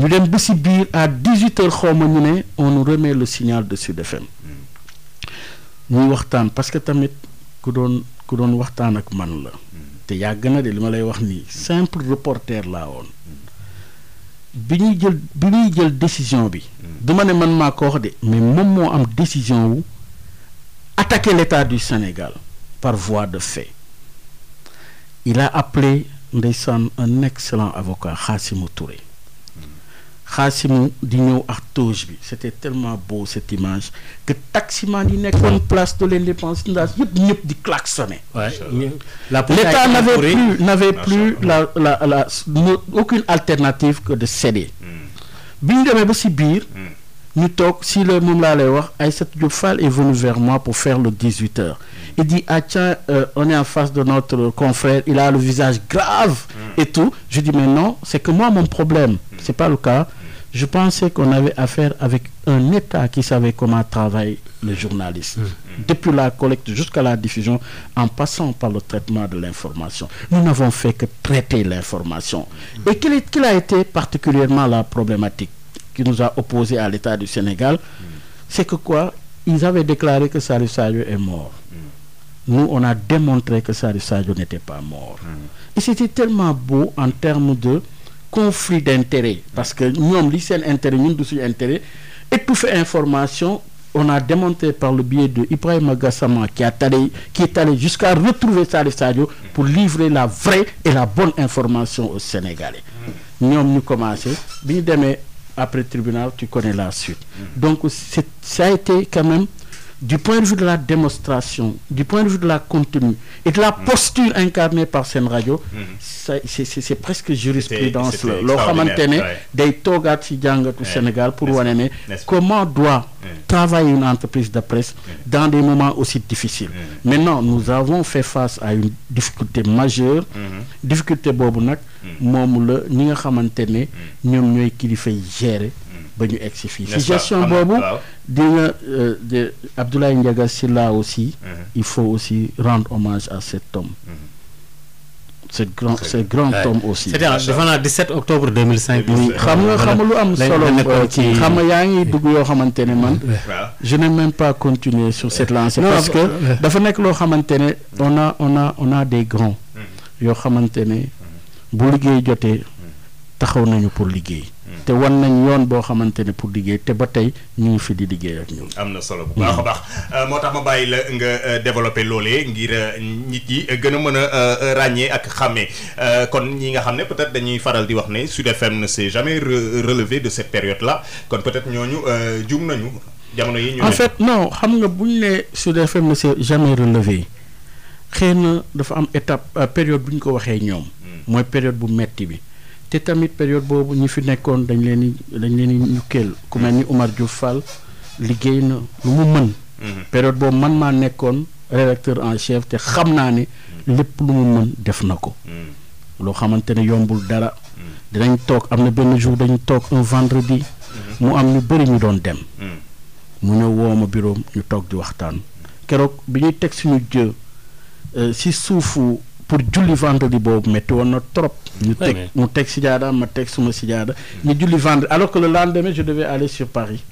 ñu dem ba si biir à dix xawma ñu ne on nous remet le signal de Sud FM ñuy waxtaan parce que tamit ku doon ku doon waxtaan ak man la te yàgg na de li ma lay wax nii simple reporter laa woon bi ñuy jël bi jël décision bi du ne man maa ko wax de mais moom moo am décision wu attaquer l'état du Sénégal par voie de fait il a appelé ndeysaan un excellent avocat Khassimou Touré xaasimu di ñëw ak toge bi c' était tellement beau cette image que taximan yi nekkoon place de l' indépendance yëpp di klaxonner. la l' plus n' plus la la la aucune alternative que de céder. Hmm. bi ñu demee ba
hmm.
si le moom laa lay wax Aïssatou Diop Fall est venu vers moi pour faire le 18 heures hmm. il dit ah tiens euh, on est en face de notre confrère il a le visage grave et tout je dis mais non c'est que moi mon problème c'est pas le cas je pensais qu'on avait affaire avec un État qui savait comment travaille le journaliste. Mm. Depuis la collecte jusqu'à la diffusion, en passant par le traitement de l'information. Nous n'avons fait que traiter l'information. Mm. Et quelle, a été particulièrement la problématique qui nous a opposés à l'État du Sénégal mm. C'est que quoi Ils déclaré que Salih Sadio est mort. Nous, on a démontré que Salih Sadio n'était pas mort. Et c'était tellement beau en termes de conflit d'intérêt parce que ñoom li seen intérêt ñun du suñu intérêt étouffer information on a démontré par le biais de Ibrahima Gassama qui a est allé jusqu'à retrouver Salif Sadio pour livrer la vraie et la bonne information aux Sénégalais ñoom ñu commencé bi après tribunal tu connais la suite donc c'est ça a été quand même du point de vue de la démonstration, du point de vue de la continue et de la mm. posture incarnée par Sen Radio, mm. c'est presque jurisprudence la loo xamante ne day toogaat ci jàngatu Sénégal pour wane ne comment doit travailler une entreprise de presse dans des moments aussi difficiles maintenant nous avons fait face à une difficulté majeure mm-hmm. difficulté boobu nag mm. moom la ñi nga xamante ne ñoom ñooy kilifa yi gérer ba ñu egg si fii si gestion boobu dina euh, de Abdoulaye Ndiaga Sylla aussi mhm. il faut aussi rendre hommage à cet homme mhm. ce grand ce grand homme aussi. c'était defe naa
17 octobre 2005. oui xam nga xam lu am solo. Euh, ci xam nga
yaa ngi dugg yoo xamante ne man. je n'ai même pas continué sur cette lancée. parce que dafa nekk loo xamante ne mhm. on a on des grands. yoo xamante ne bu liggéey jotee. taxaw nañu pour liggéey. Hmm. te wan nañ yoon boo xamante ne pour liggéey te ba tey
ñu ngi fi di liggéey ak ñoom. am na solo bu baax a hmm. baax euh, moo tax ma bàyyi la nga euh, développé loolee ngir euh, nit yi gën a mën a ràññee ak xàmmee kon ñi nga xam ne peut-être dañuy faral di wax ne su Sud FM ne s'est jamais relevé de cette période là kon être ñooñu juum nañu jamono yi. ñu en fait
non xam nga bu ñu su Sud FM ne s'est jamais relevé xëy na dafa am étape période bu ñu ko waxee ñoom. Hmm. mooy période bu metti bi. te tamit période boobu ñu fi nekkoon dañu leen di dañ leen di ñukkeel ku mel ni Omar Diouf Fall liggéey na lu mu mën. Mhm. période boobu man maa nekkoon rédacteur en chef te xam naa ne mhm. lépp lu mu mën def na ko. Mhm. loo xamante ne yombul dara. dinañ toog am na benn jour dañu toog un vendredi. mu am ñu bëri ñu doon dem. mu ñëw woo ma bureau ñu toog di waxtaan. keroog bi ñuy teg suñu jë euh, si suufu. pour julli vendredi boobu métti woon na trop. ñu teg mu teg si sijaada ma teg suma sijaada. ñu julli vendredi alors que le lendemain je devais aller sur Paris.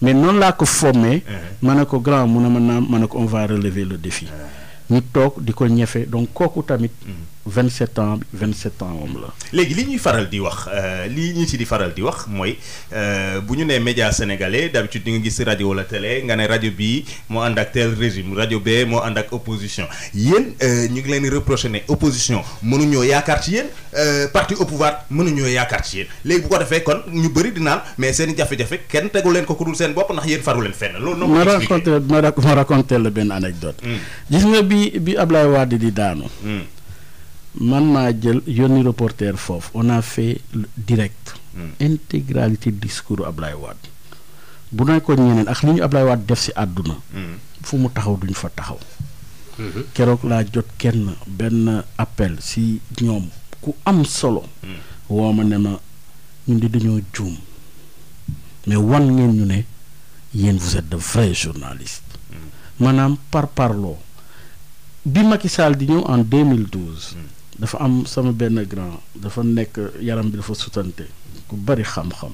mais noonu laa ko formé. Uh-huh. ma ne ko grand mu ne ma naam ma ne ko on va relever le defi uh-huh. ñu toog di ko ñefe donc kooku tamit. Mm. 27 ans 27 ans moom la.
léegi li ñuy faral di wax euh, li ñu si di faral di wax mooy euh, bu ñu nee média sénégalais d'habitude di nga gis rajo la télé nga ne rajo bi moo ànd ak tel régime rajo bee moo ànd ak opposition yéen euh, ñu ngi leen di reproché ne opposition mënuñoo yaakaar ci yéen parti au pouvoir mënuñoo yaakaar ci yéen léegi bu ko defee kon ñu bari di naan mais seen i jafe-jafe kenn tegu leen ko ku dul seen bopp ndax yéen faru leen fenn loolu. ma raconté
ma raconté la man maa jël yónni reporter foofu on a fait direct. Hmm. intégralité discours Ablaye Wade. bu nekkoon ñeneen ak li ñu Ablaye Wade def si àdduna. Hmm. fu mu taxaw duñu fa taxaw. Hmm. keroog laa jot kenn benn appel si ñoom ku am solo. woo ma ne ma ñun di dañoo juum mais wan ngeen ñu ne yéen vous de vrais journalistes. maanaam par parloo bi Macky Sall di ñëw en 2012. dafa am sama benn grand dafa nekk yaram bi dafa sutante ku bari xam-xam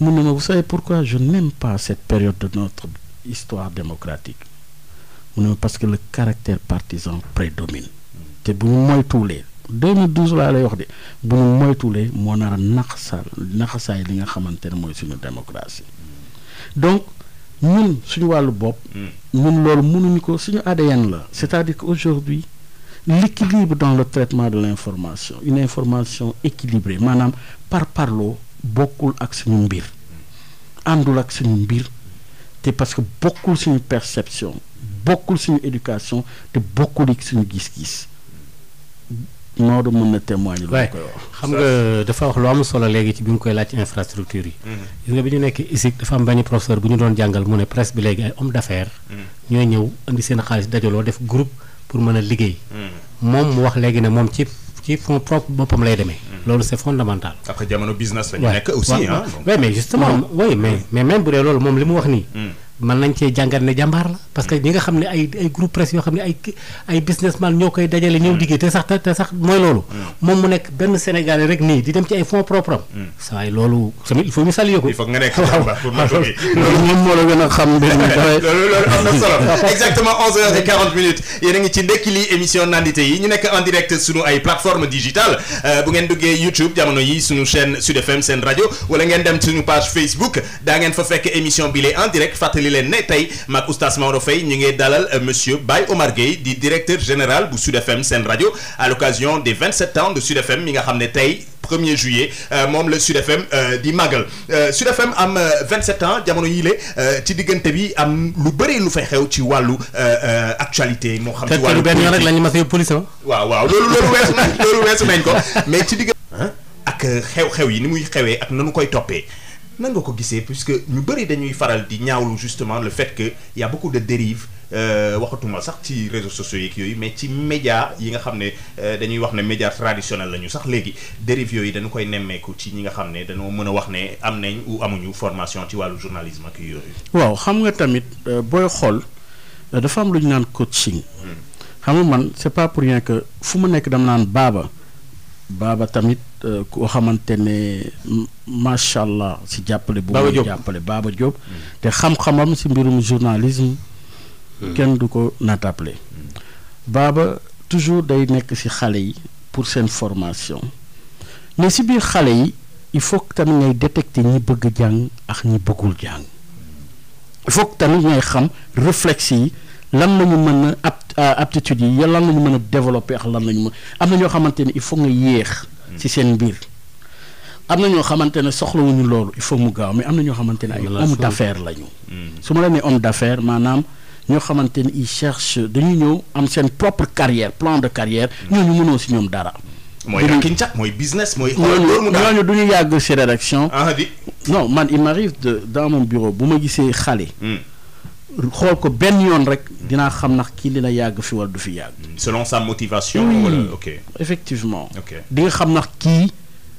mu ne ma vous savez pourquoi je n'aime pas cette période de notre histoire démocratique mu ne ma parce que le caractère partisan prédomine te bu mu moytuwulee 2012 laa lay wax de bu ñu moytuwulee moo nar a naxasal naxasaay li nga xamante ne mooy suñu démocratie donc ñun suñu wàllu bopp hmm. ñun loolu mënuñu ko suñu ADN la c'est-à-dire que aujourd'hui l'équilibre dans le traitement de l'information une information équilibrée maanaam par parloo bokkul ak suñu mbir àndul ak suñu mbir te parce que bokkul suñu perception bokkul suñu éducation te bokkul ak suñu gis-gis Maodo mën na témoigner. lu koy
wax
xam nga dafa wax lu am solo léegi ci bi mu koy laaj ci infrastructure yi. Mm-hmm. gis nga bi ñu nekk ISIC dafa am benn professeur bu ñu doon jàngal mu ne presse bi léegi ay homme d'affaires. Mm-hmm. ñooy ñëw indi seen xaalis dajaloo def groupe. pour mën a liggéey. moom mu wax léegi ne moom ci ci fonds propre boppam lay demee. Hmm. loolu c'est fondamental.
après jamono business la ñu nekk aussi. oui mais justement hmm. oui mais
mais même bu dee loolu moom li mu wax nii. Hmm. mën nañ cee jàngat ne jàmbaar la parce que ñi nga xam ne ay ay groupe presse yoo xam ne ay ay businessman ñoo koy dajale ñëw mm. liggéey te sax te sax mooy loolu mm. moom mu nekk benn sénégalais rek nii di dem ci ay fonds propres am mm. sa waay loolu sama il faut ñu saluer ko il moom
moo la gën a xam mbir
mi exactement 11 heures et 40 minutes yéen ngi ci ndekki li émission nandite yi ñu nekk en direct suñu ay plateforme digitale euh, bu ngeen duggee YouTube jamono yi suñu chaîne Sud FM seen rajo wala ngeen dem suñu page Facebook daa ngeen fa fekk émission bi en direct fàttali fàttali leen ne tey maak oustaz Maodo ñu ngi dalal euh, monsieur Baye Omar Gueye di directeur général bu Sud FM seen rajo à l'occasion des 27 ans de Sud FM mi nga xam ne tey. 1er juillet euh, moom la Sud FM euh, di màggal Sud FM am 27 ans jamono yii la ci diggante bi am lu bëri lu fay xew ci wàllu actualité. moo xam ci wàllu benn yoon rek la ñu mas a yóbbu police waaw waaw loolu loolu weesu nañ loolu ko mais ci diggante ak xew-xew yi ni muy xewee ak na nanu koy toppee. nan ko gisee puisque ñu bari dañuy faral di ñaawlu justement le fait que y a beaucoup de dérives euh, waxatuma sax ci réseaux sociaux yeeg yooyu mais ci média yi nga xam ne euh, dañuy wax ne média traditionnel la sax léegi dérives yooyu dañu koy nemmeeku ci ñi nga xam ne dañoo mën a wax ne am nañ ou amuñu formation ci wàllu journalisme ak yooyu.
waaw xam nga tamit euh, booy xool dafa am lu ñu naan coaching. Hmm. xam nga man c'est pas pour rien fu mu nekk dama naan baaba baaba tamit. Euh, koo xamante ne macha allah si jàppale bu muy jàppale baaba Diop mm. te xam-xamam si mbirum journalisme mm. kenn du ko natable mm. Baba toujours day nekk si xale yi pour seen formation mais si biir xale yi il faut que tamit ngay détecter ñi bëgg jàng ak ñi bëggul jàng il faut que tamit ngay xam réflexe yi lan la ñu mën a euh, aptitude yi lan la ñu mën a développer ak lan la ñu mën am na ñoo xamante ne il faut nga yéex ci seen biir am na ñoo xamante ne soxlawuñu loolu il faut mu gaaw mais am na ñoo xamante ne ay homme d'affaires lañu. Hmm. su ma la nee homme maanaam ñoo xamante ne ils cherchent dañuy ñëw am seen propre carrière plan de carrière hmm. ñooñu mënoo si ñoom dara.
mooy rakkinca
mooy business mooy. ñooñu du ñu yàgg si rédaction. Ah, non man il m'arrive de dans bureau bu ma gisee xale. Hmm. xool ko benn yoon rek dinaa xam nax kii li la yàgg
fi wala du fi yàgg. Mm. selon sa motivation. wala ok effectivement. ok
di nga xam ndax kii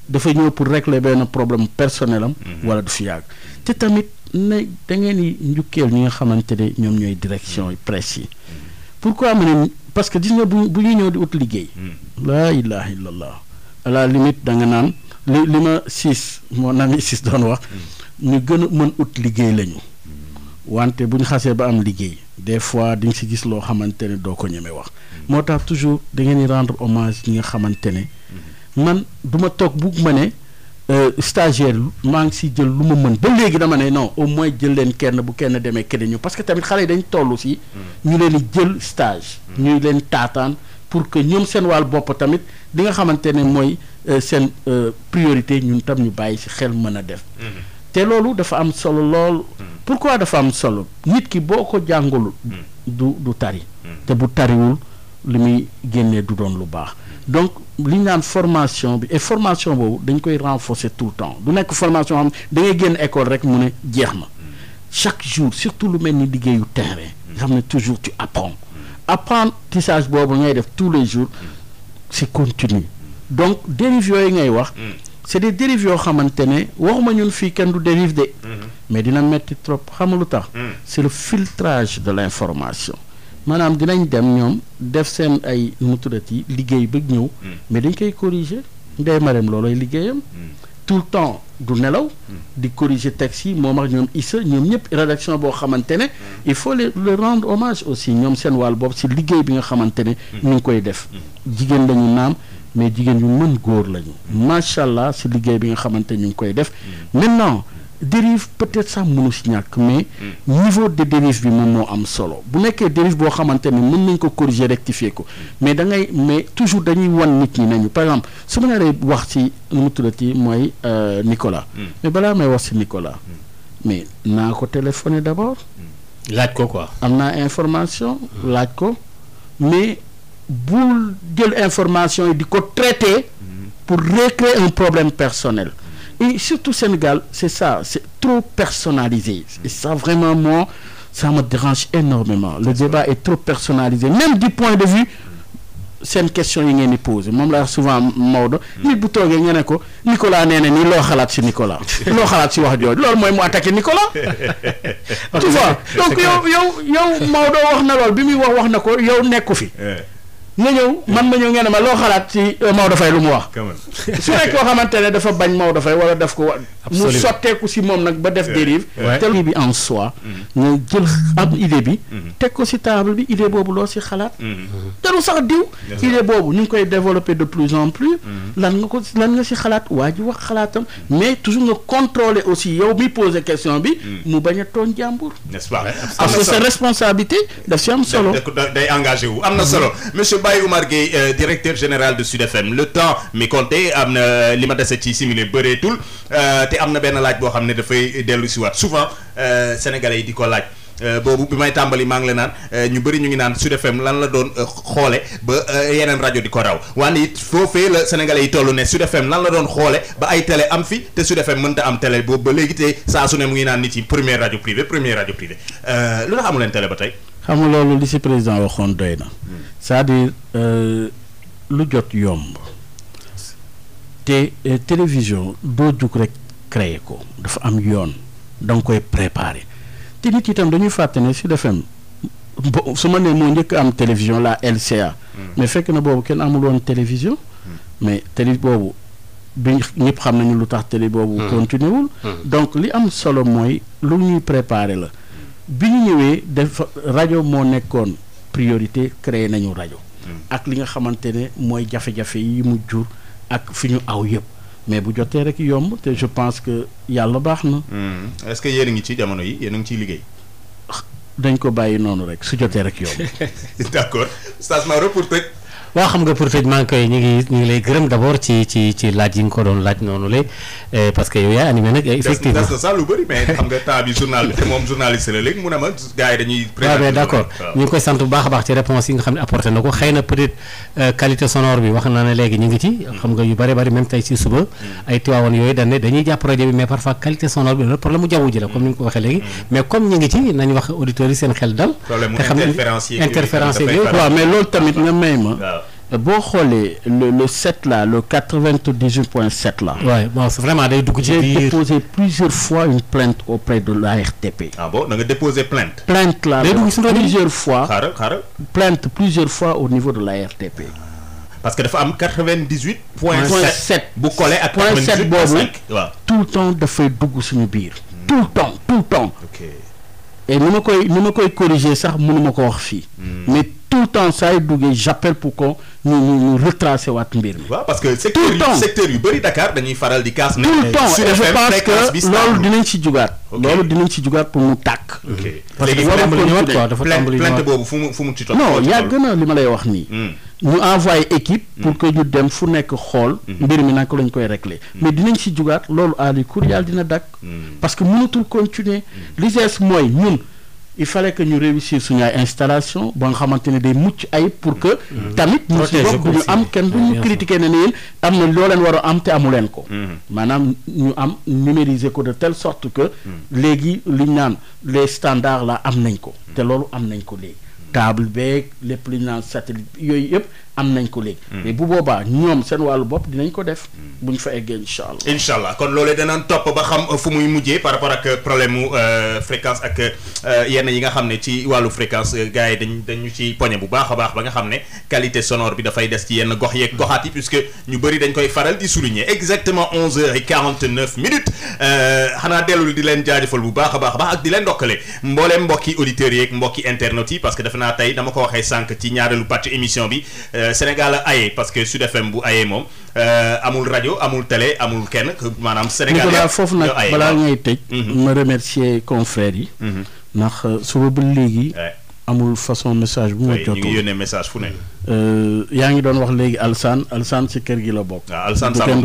dafa ñëw pour régler benn problème personnel am. Mm-hmm. wala du fi yàgg te tamit ne da ngeen di njukkeel ñi nga xamante ne ñoom ñooy direction mm. yi presse yi. pourquoi ma ne parce que gis nga bu ñu ñuy ñëw di ut liggéey. Mm. laa ilaha illallah à la limite da nga naan li li ma siis moo naan siis doon wax. ñu gën a mën ut liggéey lañu. wante bu ñu xasee ba am liggéey des fois di si gis loo xamante ne doo ko ñeme wax mm-hmm. moo tax toujours da ngeen di rendre hommage ñi nga xamante ne mm-hmm. man du ma toog bu ma ne euh, stagiaire maa ngi si jël lu ma mën ba léegi dama ne non au moins jël leen kenn bu kenn demee keneen ñu parce que tamit xale yi dañ toll si mm-hmm. ñu leen di jël stage ñuy leen taataan pour que ñoom seen wàll bopp tamit li nga xamante ne mooy euh, seen euh, priorité ñun tam ñu bàyyi si xel mën a def te loolu dafa am solo lool. Hmm. pourquoi dafa am solo nit ki boo ko jàngul. Hmm. du du tari. Hmm. te bu tariwul li muy génnee du doon lu baax donc li ñu naan formation bi et formation boobu dañ koy renforcer tout le temps du nekk formation am da génn école rek mu ne jeex na chaque jour surtout lu mel ni liggéeyu terrain. nga xam ne toujours tu apprends. tissage boobu ngay def tous les jours c'est continu donc dérive yooyu ngay wax. c'est des dérives yoo xamante ne waxuma ñun fii kenn du dérive de. Mm-hmm. mais dina metti trop xamalu tax. Mm. c'est le filtrage de l'information. maanaam dinañ dem ñoom def seen ay nu mu tuddati liggéey ba ñëw. Mm. mais dañ koy corriger ndey Marème loolooy liggéeyam. Mm. tout le temps du nelaw. di corriger texte yi moom ak ñoom Issa ñoom ñëpp rédaction boo xamante ne. il faut le le rendre aussi ñoom seen wàll boobu si liggéey bi nga xamante ne. ñu ngi koy def. jigéen lañu naam. mais jigéen yu mën góor lañu. macha allah si liggéey bi nga xamante ñu ngi koy def. Mm. maintenant dérive peut-être sax mënu si ñàkk mais. Mm. niveau de dérive bi moom moo am solo bu nekkee dérive boo xamante ne mën nañ ko corriger rectifier ko mm. mais da ngay mais toujours dañuy wan nit ñi nañu par exemple su ma naree wax ci nu mu tuddati mooy euh, Nicolas. mais balaa may wax si Nicolas. mais naa ko téléphoné d'abord. laaj ko ko am naa information. laaj ko mais. bul jël information yi di ko traité pour recréer un problème personnel et surtout Sénégal c'est ça c'est trop personnalisé et ça vraiment moi ça me dérange énormément le débat est trop personnalisé même du point de vue seen question yi ngeen di poser moom laa souvent Maodo hmm. nit bu toogee ngeen ne ko Nicolas nee na nii loo xalaat si Nicolas loo xalaat si wax jooju loolu mooy mu attaqué Nicolas tu vois donc yow yow yow Maodo wax na lool bi muy wax wax na ko nekku fi eh. nga ñëw man ma ñëw ngeen ne ma loo xalaat ci euh, Maodo Faye lu mu wax. su nekk koo xamante ne dafa bañ Maodo Faye wala daf ko wa. mu sotteeku si moom nag ba def dérive. tel bi en soi. ñu mm-hmm. jël am idée bi. Mm-hmm. teg ko si table bi idée boobu loo si xalaat. Mm-hmm. jarul sax diw. idée boobu ñu ngi koy développer de plus en plus. lan nga ko lan nga si xalaat waa ji wax xalaatam mais toujours nga contrôler aussi yow mi poser question bi. Mm. mu bañ a tooñ jàmbur.
n'est-ce pas parce que sa
responsabilité daf am solo.
engagé wu am na solo Baye Oumar Gueye euh, directeur général de Sud FM le temps mi compté am na euh, li ma dese ci simili bëreetul euh, te am na benn laaj boo xam ne dafay dellu si waat souvent sénégalais yi di ko laaj. boobu bu may tàmbali maa ngi la naan ñu bëri ñu ngi naan Sud FM lan la doon xoole ba yeneen rajo di ko raw waane it foofu la sénégalais yi toll ne Sud FM lan la doon xoole ba ay tele am fi te Sud FM mënta am tele boobu ba léegi te saa su ne mu ngi naan nit yi première rajo privé rajo privé lu tax amu leen télé
xam loolu li ci président waxoon doy na c'est-à-dire euh, lu jot yomb te euh, télévision doo jug rek créer ko dafa am yoon da nga koy préparer te nit itam dañuy fàtte ne Sud FM bo su ma nee moo njëkk am télévision la LCA. Hmm. mais fekk na boobu kenn amul woon télévision. Hmm. mais télé boobu bi ñëpp xam nañu lu tax télé boobu. Hmm. continué donc li am solo mooy lu ñuy préparer la. bi ñu ñëwee def rajo moo nekkoon priorité créé
nañu rajo. Mm.
ak li nga xamante ne mooy jafe-jafe yi mu jur ak fi ñu aw yëpp mais bu jotee rek yomb te je pense que yàlla baax na.
Mm. est que yéen a ngi ci jamono yi yéen a ngi ciy liggéey.
dañ ko bàyyi noonu rek su jotee rek
yomb. d'accord pour tëj
waaw xam nga pour tëj maa ngi koy ñu eh, que yow ñu ngi koy sant bu baax a baax ci réponse yi nga xam ne apporté na ko xëy na peut être euh, qualité sonore bi wax naa ne léegi ñu ngi ci. xam nga yu bëri bëri même tey ci suba. Hmm. ay tuwaawoon yooyu dañ dañuy jàpp rajo bi mais parfois qualité sonore bi loolu problème mu jaww ji la comme ni nga ko waxee léegi. Hmm. mais comme ñu ngi ci nañ wax auditeurs seen xel dal. te xam
interférence yeeg yooyu waaw mais loolu tamit nga may ma
boo xoolee le le 7 là le 98 point 7 là. waaw bon vraiment day dugg ci biir. j'ai déposé plusieurs fois une plainte auprès de l'ARTP.
ah bon da nga déposé plainte.
plainte plusieurs fois. xaaral xaaral. plainte plusieurs fois au niveau de la l'ARTP. Ah.
parce que dafa am 98. point 7 bu collé ak. 98 point
tout le temps dafay dugg suñu biir. Hmm. tout le temps tout le temps. ok et ni ma koy ni ma koy corriger sax mënuma ko wax fii. Hmm. mais tout le temps saa yu duggee j'appelle pour qu'on mu ñu ñu retracé waat mbir mi.
waaw parce que secteur yu secteur yu bëri Dakar dañuy faral di casse. tout le temps et je pense loolu
dinañ ci jugaat. loolu dinañ ci jugaat pour mu tàkk. parce que warul plainte boobu fu mu fu mu ci toog. non yàgg na li ma lay wax nii. Hmm. ñu envoyé équipe. pour que ñu dem fu nekk xool. Hmm. mbir mi naka lañ koy regle hmm. mais dinañ si jugaat loolu aali cour yàlla dina dakk parce que mënatul continuer. li des mooy ñun. il fallait que ñu réussir suñu ay installation ba nga xamante ne day mucc ay pour que tamit ñu si bopp du ñu am kenn du ñu critiquer ne ne am na loo leen war a am te amu ko mm-hmm. maanaam ñu am numériser ko de telle sorte que mm-hmm. léegi li ñu naan les standards là am nañ ko mm-hmm. te loolu am nañ ko léegi table beeg lépp lu naan satellite yooyu yëpp am nañ ko léegi. Hmm. bu boobaa ñoom seen wàllu bopp dinañ ko def. Hmm. bu ñu
fa eggee incha allah. incha allah kon loole danaan topp ba xam euh, fu muy mujjee par rapport ak euh, problème mu euh, fréquence ak yenn yi nga xam ne ci wàllu fréquence gars yi dañ dañu ci poñe bu baax a baax ba nga xam ne qualité sonore bi dafay des ci yenn gox yeeg goxaat yi puisque ñu bëri dañ koy faral di souligner exactement 11 heures et 49 minutes xanaa di leen jaajëfal bu baax a baax a baax ak di leen ndokkale mbooleem mbokki auditeurs yi parce que dafa naa tey dama ko waxee sànq ci ñaareelu pàccu émission bi euh, Sénégal a aye parce que Sud FM bu ayee moom euh, amul rajo amul télé amul kenn maanaam. Sénégal Nicolas foofu nag balaa ngay
tëj. Mhm. ma remercier confrères yi. Mhm. ndax euh, suba ba léegi. amul façon message bu ma jot. ñu ngi yónnee message fu ne. Euh, yaa ngi doon wax léegi Alsaan Alsaan si kër gi la bokk. waaw Alsaan Samba kenn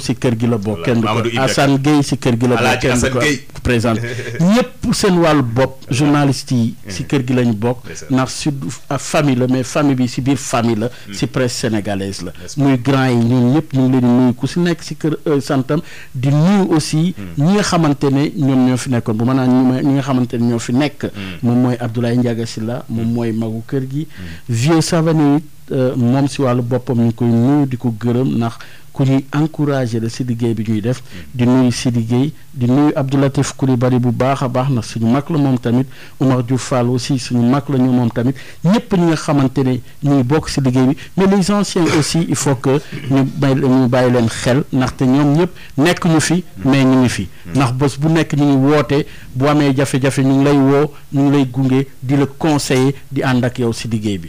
si kër gi la bokk. kenn du ko si kër gi la bokk. kenn ñëpp seen wàllu bopp journaliste yi. si kër gi lañ bokk. ndax si ah, famille la mais famille bi si biir famille la. Hmm. si presse sénégalaise la. muy grand yi ñun ñëpp ñu leen nuyu ku si nekk si kër euh, santam di nuyu aussi. Hmm. ñi nga xamante ne ñoom ñoo fi nekkoon bu ma naan ñi nga xamante ne ñoo fi nekk. Hmm. moom mooy Abdoulaye Ndiaga la moom mooy magu kër gi vieux Savané it euh, moom si wàllu boppam ñu koy nuyu di ko gërëm ndax ku ñuy encouragé la si liggéey bi ñuy def di nuyu Sidi liggéey di nuyu Abdoulatif Coulibaly bu baax a baax na suñu mag la moom tamit Oumar ju Fall aussi suñu mag la ñu moom tamit ñëpp ñi nga xamante ne ñuy bokk si liggéey bi mais les anciens aussi il faut que ñu bay bàyyi leen xel ndaxte ñoom ñëpp nekk ñu fi mais ñu ngi fi ndax bés bu nekk ñu ngi woote bu amee jafe-jafe ñu ngi lay woo ñu ngi lay gunge di la conseiller di ànd ak yow si liggéey bi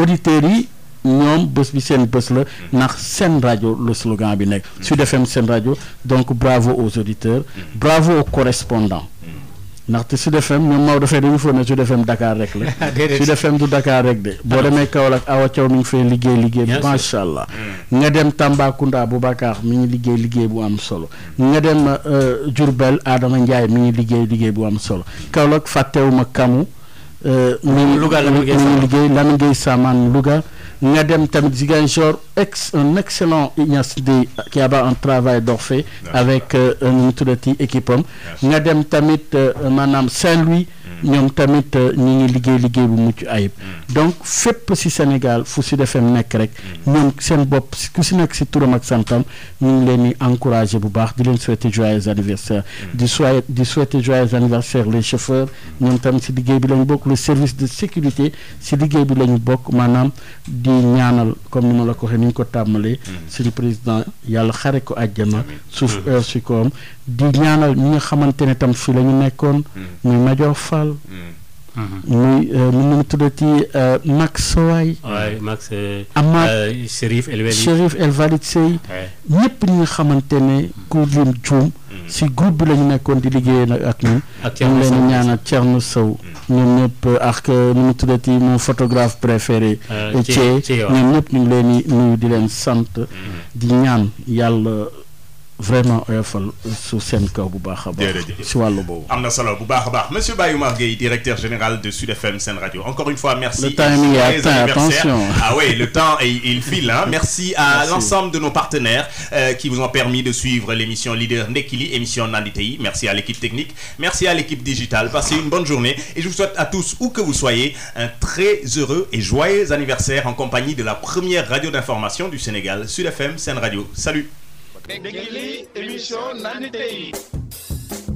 auditeurs ñoom bës bi seen bës la mm-hmm. ndax seen rajo le slogan bi nekk mm-hmm. su FM seen rajo donc bravo aux auditeurs mm-hmm. bravo aux correspondants ndaxte Sud FM ñoom Maodo Faye dañu foog ne Sud FM Dakar rek la Sud FM du Dakar rek de boo demee Kaolack Awa Thiaw mi ngi fay liggéey liggéey macha allah mm. nga dem Tambacounda Boubacar mi ngi liggéey liggéey bu am solo mm. nga dem jurbel euh, aadama Ndiaye mi ngi liggéey liggéey bu am solo Kaolack fàttewuma Kamu euh, mi ngi liggéey Lamine Gueye Saman Louga nga dem tamit Ziguinchor ex un excellent Ignace Dey qui a ba un travail d'orfèvre avec euh, nu mu tuddati équipe am nga dem tamit euh, maanaam Saint-Louis Mm. ñoom tamit euh, ñu ngi liggéey liggéey bu mucc ayib mm. donc fépp ci Sénégal fu Sud FM nekk rek mm. ñoom seen bopp ku si nekk si turam ak santam ñu ngi leen di encourager bu baax di leen souhaiter joyeux anniversaire di souhaiter di souhaiter joyeux anniversaire les chauffeurs ñoom tamit ci liggéey bi lañu bokk le service de sécurité ci liggéey bi lañu bokk maanaam di ñaanal comme ni ma la ko waxee ni ñu ko tàmmalee suñu président yàlla xare ko àjjana suuf heure ci koom di ñaanal xamante ne tam fii la nekkoon Fall. Mm-hmm. muy nu eh, mu tuddati eh, Max Sowaay. waay Max. Euh, Amath euh, Chérif El Walid Chérif El Walid Sey. ñëpp ñi xamante ne ku juum juum. si groupe bi la nekkoon di liggéeye nag ak ñun. ak Thierno Sow ñu leen ñaanal mu tuddati mon photographe préféré. Thié euh, Thié ñoom ñëpp ñu ngi nuyu di leen sant. Mm. di ñaan yàlla. vraiment oyofal su seen kaw bu baax a baax. si wàllu
boobu. am na solo bu baax a baax monsieur Baye Oumar Gueye directeur général de Sud FM Sen Radio encore une fois merci. temps mi ngi atteint attention ah oui le temps il file hein merci à l'ensemble de nos partenaires euh, qui vous ont permis de suivre l'émission leader Ndekki li émission nandite yi merci à l'équipe technique merci à l'équipe digitale passez une bonne journée et je vous souhaite à tous où que vous soyez un très heureux et joyeux anniversaire en compagnie de la première radio d'information du Sénégal Sud FM Sen Radio salut. dégg li émission nandite yi